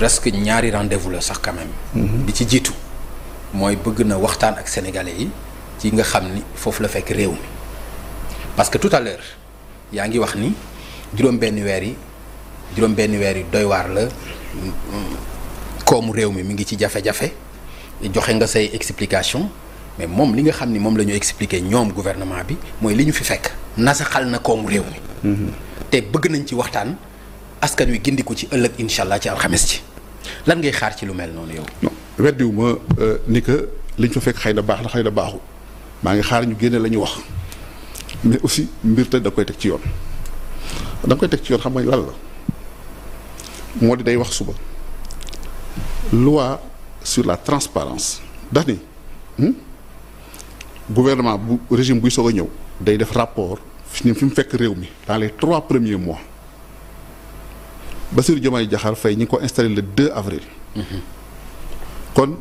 presque ñaari rendez-vous la sax quand même. Mhm. bi ci jiitu mooy bëgg na waxtaan ak sénégalais yi ci nga xam ni foofu la fekk réew mi parce que tout à l'heure yaa ngi wax ni juróom-benn weer yi juróom-benn weer yi doy waar la koomu réew mi mi ngi ci jafe-jafe joxe nga say explication mais moom li nga xam ni moom la ñu expliqué ñoom gouvernement bi mooy li ñu fi fekk xal na koomu réew mi. Mhm. te bëgg nañ ci waxtaan askan wi gindiku ci ëllëg incha allah ci alxames ci lan ngay xaar ci lu mel noonu yow. non weddiwu ma euh, ni que liñ fa fekk xëy na baax na xëy na baaxu maa ngi xaar ñu génne la ñu wax mais aussi mbir te da koy teg ci yoon da koy teg ci yoon xam nga lan la moo di day wax suba loi sur la transparence ndax ni hmm? gouvernement bu régime buy soog a ñëw day def rapport fi mu fekk réew mi dans les trois premiers mois. Bassirou Diomaye Diakhar Faye ñi ngi ko installé le 2 avril. kon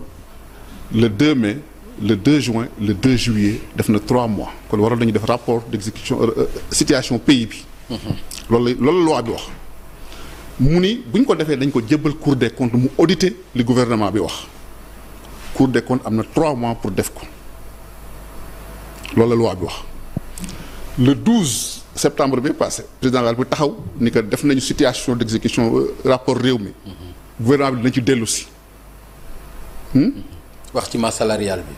le 2 mai le 2 juin le 2 juillet def na trois mois kon waroon dañu def rapport d' exécution euh, euh, situation pays bi. loolu la loolu la loi bi wax. mu ni buñ ko defee dañ ko jébbal cour des comptes mu auditer li gouvernement bi wax cour des comptes am na trois mois pour def ko loolu la loi bi wax le septembre bi passé président daal bi taxaw ni que def nañu situation d' exécution euh, rapport réew mi gouvernement bi dina ci dellu si. Hmm? wax ci masse salariale bi.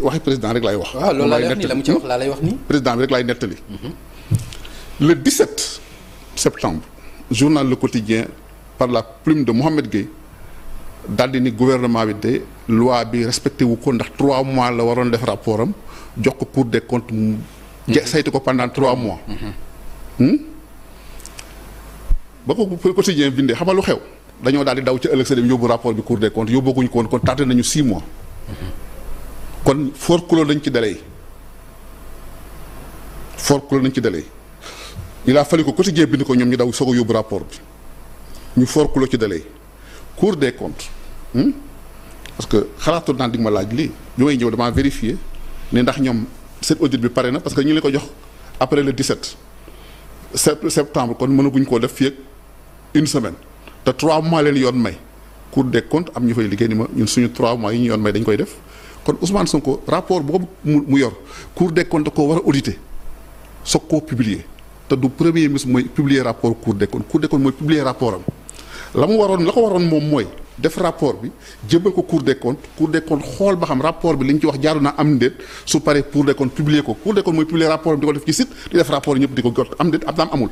waxi président rek laay wax. waaw ah, loolu laa lay wax nii la lay wax nii. président bi rek laay nettali. Mhm. le 17 septembre. journal Le Quotidien par la plume de Mohamed Gueye daal di ni gouvernement bi de loi bi respecté wu ko ndax trois mois la waroon def rapport am jox ko Cour des comptes saytu ko pendant trois mois. Hmm? ba ko quotidien bindee xamal lu dañoo daal di daw ca ëllëg sa dem yóbbu rapport bi cour des comptes yóbbuguñ ko woon kon tardé nañu six mois. kon forclos nañ ci délai yi forclos nañ ci délai yi il a fallu ko quotidien bind ko ñoom ñu daw soog a yóbbu rapport bi ñu forclos ci délai yi cour des hmm? parce que xalaatoon naa di ma laaj lii bi may ñëw damaa vérifier ne ndax ñoom. cet audit bi pare na parce que ñu ngi ko jox après le 17 septembre kon mënaguñ koo def fii ak une semaine te 3 mois leen yoon may Cour des comptes am ñu fay liggéey ni ma ñun suñu trois mois yi ñu yoon may dañ koy def kon Ousmane Sonko rapport boobu mu yor Cour des comptes koo war a auditer soog koo publier te du premier ministre mooy publier rapport Cour des comptes Cour des comptes mooy publier rapport la mu waroon la ko waroon moom mooy. def rapport bi jébbal ko cour de comptes cour des comptes xool ba xam rapport bi li ñu ci wax jaaru naa am ndéet su paree cour des comptes publier ko cour des comptes mooy publier rapport bi di ko def ci site di def rapport yi ñëpp di ko jot am ndéet ab daam amul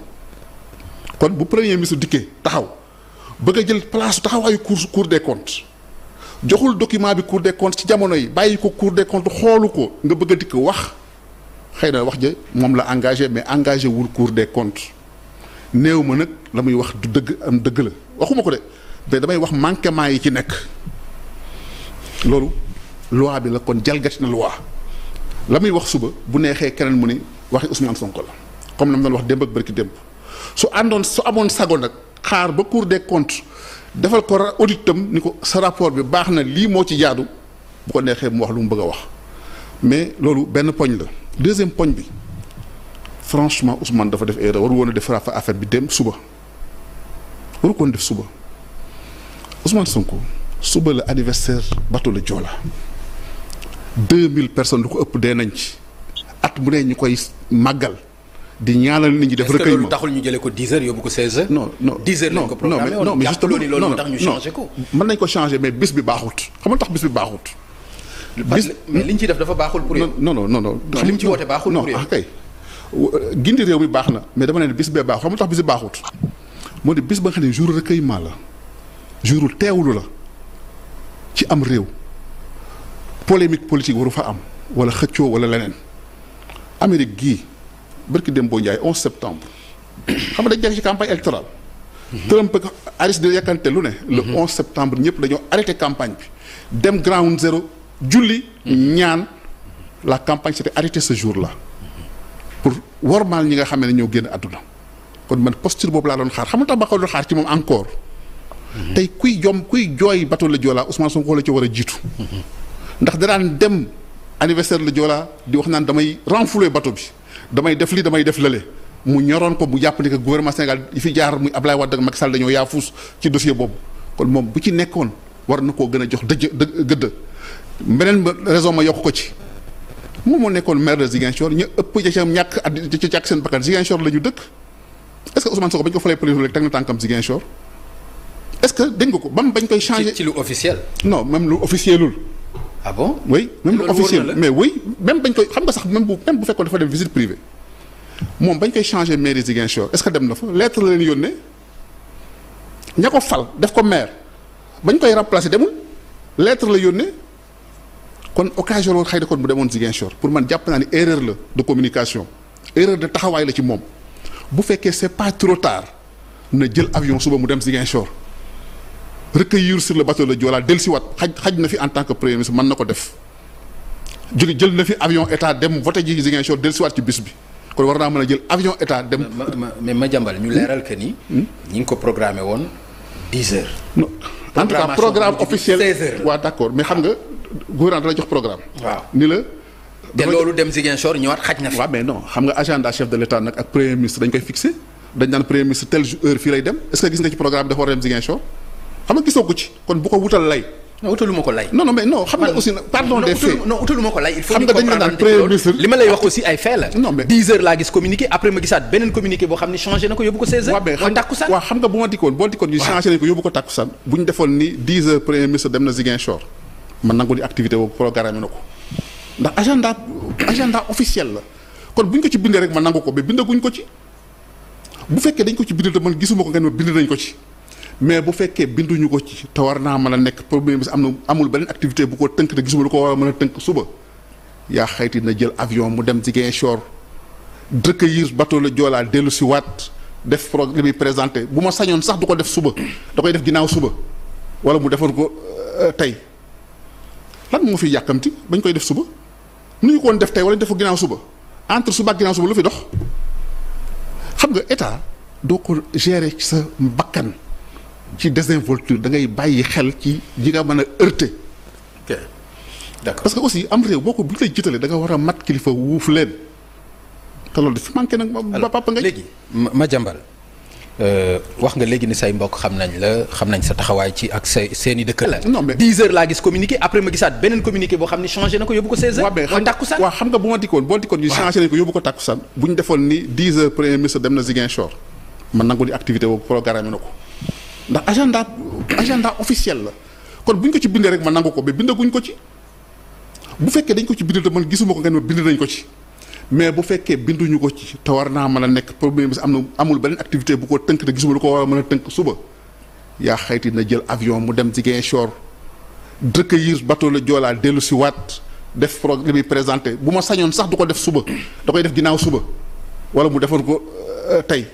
kon bu premier ministre dikkee taxaw bëgg a jël place taxawaayu cour cour des comptes joxul document bi cour des comptes ci jamono yi bàyyi ko cour des comptes xoolu ko nga bëgg a dikk wax xëy na wax ja moom la engagé mais engagé wul cour des comptes néew ma nag la muy wax dëgg am dëgg la waxuma ko de mais damay wax manquément yi ci nekk loolu loi bi la kon jalgati na loi la muy wax suba bu neexee keneen mu ni waxi Ousmane Sonko la comme mu doon wax démb ak bërki démb su àndoon su amoon sago nag xaar ba Cour des comptes defal ko audit tam ni ko sa rapport bi baax na lii moo ci jaadu bu ko neexee mu wax lu mu bëgg a wax mais loolu benn poñ la deuxième poñ bi franchement Ousmane dafa def erreur waru woon a def rafa affaire bi dem suba waru kon def suba Ousmane Sonko suba la anniversaire bateau la Joola deux mille personnes lu ko ëpp dee nañ ci at mu ne ñu koy màggal di ñaanal nit ñi def recueillement taxul ñu jëlee ko dix heures yóbbu ko seize heures. non non dix heures lañ ko programmé non mais justement loolu tax ñu changé ko. mën def dafa baaxul pour yow. non non non non woote baaxul pour yow non ah, kay gindi réew mi baax na mais dama ne bis bee baaxut xam tax bis bi baaxut moo di bis ba nga xam ne jour recueillement la. jurul teewlu la ci am réew polémique politique waru fa am wala xëccoo wala leneen Amérique gii barki dem boo njaay 11 septembre xam nga dañ jekk ci campagne électorale mhm. Trump ak de di yàkkante lu ne le 11 mhm. septembre ñëpp dañoo arrêté campagne bi dem ground zéro julli mhm. ñaan la campagne s'était arrêtée ce jour-là pour wormaal ñi nga xam ne ñoo génn àdduna kon man posture boobu laa doon xaar xam nga tax ba ko doon xaar ci moom encore tey kuy jom kuy jooy bato la Joola Ousmane Sonko la ci war a jiitu. ndax danaan dem anniversaire la joolaa di wax naan damay renflouer bato bi damay def li damay def lële mu ñoroon ko mu jàpp ni que gouvernement Sénégal yi fi jaar muy Ablaye Wade ak Macky Sall dañoo yaafuus ci dossier boobu kon moom bu ci nekkoon war na koo gën a jox dëjë gëdd. beneen raison ma yokk ko ci moom moo nekkoon maire de Ziguinchor ñu ëpp ca ca ñàkk seen bakkan Ziguinchor est-ce que dégg nga ko bam bañ koy changer ci lu officiel. non même lu officielul. ah bon oui même lu officiel mais oui même bañ koy xam nga sax même bu même bu fekkoon dafa dem visite privée moom bañ koy changer mairie Ziguinchor est-ce que dem na fa lettre la leen yónnee ña ko fal def ko maire bañ koy remplacer demul lettre la yónnee kon occasion loolu xëy na kon bu demoon Ziguinchor pour man jàpp naa ni erreur la de communication erreur de taxawaay la ci moom bu fekkee c'est pas trop tard na jël avion suba mu dem Ziguinchor. recueillir sur le bateau de Joola dellusiwaat xaj xaj na fi en tant que premier ministre mën na ko def jóge jël na fi avion état dem voté ji Ziguinchor dellusiwaat ci bis bi kon war naa mën a jël avion état dem. mais ma jàmbal ñu leeral que ni. Hmm? Hmm? ñi ngi ko programme woon dix heures. non en tout cas programme officiel seize heures mais xam nga gouvernement dala jox programme. waaw ni la. te loolu dem Ziguinchor ñëwaat xaj na fi. waaw mais non xam nga agenda chef de l' nag ak premier ministre dañ xam nga gisoo ko ci kon bu ko wutal lay. non utaluma ko lay. non non mais non xam nga aussi. pardon des faits non utaluma ko lay. il faut xam nga dañ la naan premier ministre. li ma lay wax aussi ay fait la. non mais 10 heures laa gis communiqué après ma gisaat beneen communiqué boo xam ne changé na ko yóbbu ko 16 heures. mooy takkusaan waaw xam nga bu ma dikkoon boo dikkoon ñu changé nañ ko yóbbu ko takkusaan. bu ñu defoon ni 10 heures premier ministre dem na Ziguinchor. man nangu ni activité programme na ko ndax agenda agenda la kon bu ñu ko ci bindee rek ma nangu ko mais bindaguñ ko ci bu fekkee dañ ko ci bind te man gisuma ko ngeen ma bind nañ ko ci mais bu fekkee binduñu ko ci te war naa mën a nekk premier ministre am na amul beneen activité bu ko tënk te gisuma lu ko war a mën a tënk suba yaa xayti na jël avion mu dem Ziguinchor recueillir bateau le Joola dellu si waat def programme li présenté bu ma sañoon sax du ko def suba da koy def ginnaaw suba wala mu defoon ko euh, euh, tey lan moo fi yàkkamti bañ koy def suba nu ñu ko woon def tey wala ñu def ko ginnaaw suba entre suba ak ginnaaw suba lu fi dox xam nga état doo ko ci sa mbakkan ci désinvolture da ngay bàyyi xel ci ñi nga mën a heurter. ok d'accord parce que aussi am réew boo ko bu lay jiitalee da war a mat kilifa wuuf leen te loolu dafa manqué nag. ma papa nga léegi jàmbal. Euh, wax nga léegi ni say mbokk xam nañ la xam nañ sa taxawaay ci ak seeni dëkk la. non laa gis communiqué après ma gisaat beneen communiqué boo xam ni changé na ko yóbbu ko 16 heures. mooy takkusaan xam nga bu dikkoon boo dikkoon ñu changé nañ ko yóbbu ko takkusaan bu ñu defoon ko ndax agenda agenda officiel la kon bu ñu ko ci bindee rek ma nangu ko ba bindaguñ ko ci bu fekkee dañ ko ci bind te man gisuma ko ngeen ma bind nañ ko ci mais bu fekkee binduñu ko ci te war naa mën a nekk premier ministre am na amul beneen activité bu ko tënk te gisuma lu ko war a mën a tënk suba yaa xayti na jël avion mu dem Ziguinchor recueillir bateau le joolaal dellu si waat def pro li présenté bu ma sañoon sax du ko def suba da koy def ginnaaw suba wala mu defoon ko euh, tey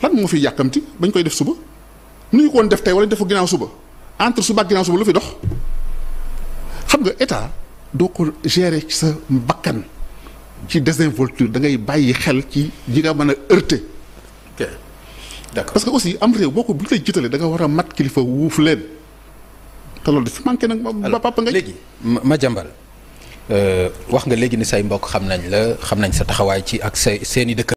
lan moo fi yàkkamti bañ koy def suba. nu ñu ko woon def tey wala ñu def ko ginnaaw suba entre su ak ginnaaw suba lu fi dox xam nga état doo ko gérer ci sa bakkan ci désinvolture da ngay bàyyi xel ci ñi nga mën a heurter. ok d'accord que aussi am réew boo ko bu ñu lay jiitalee da nga war a mat kilifa wuuf leen te loolu dafa manqué nag. ma papa nga léegi ma jàmbal. Euh, wax nga léegi ni say mbokk xam nañ la xam nañ sa taxawaay ci ak say seeni dëkk.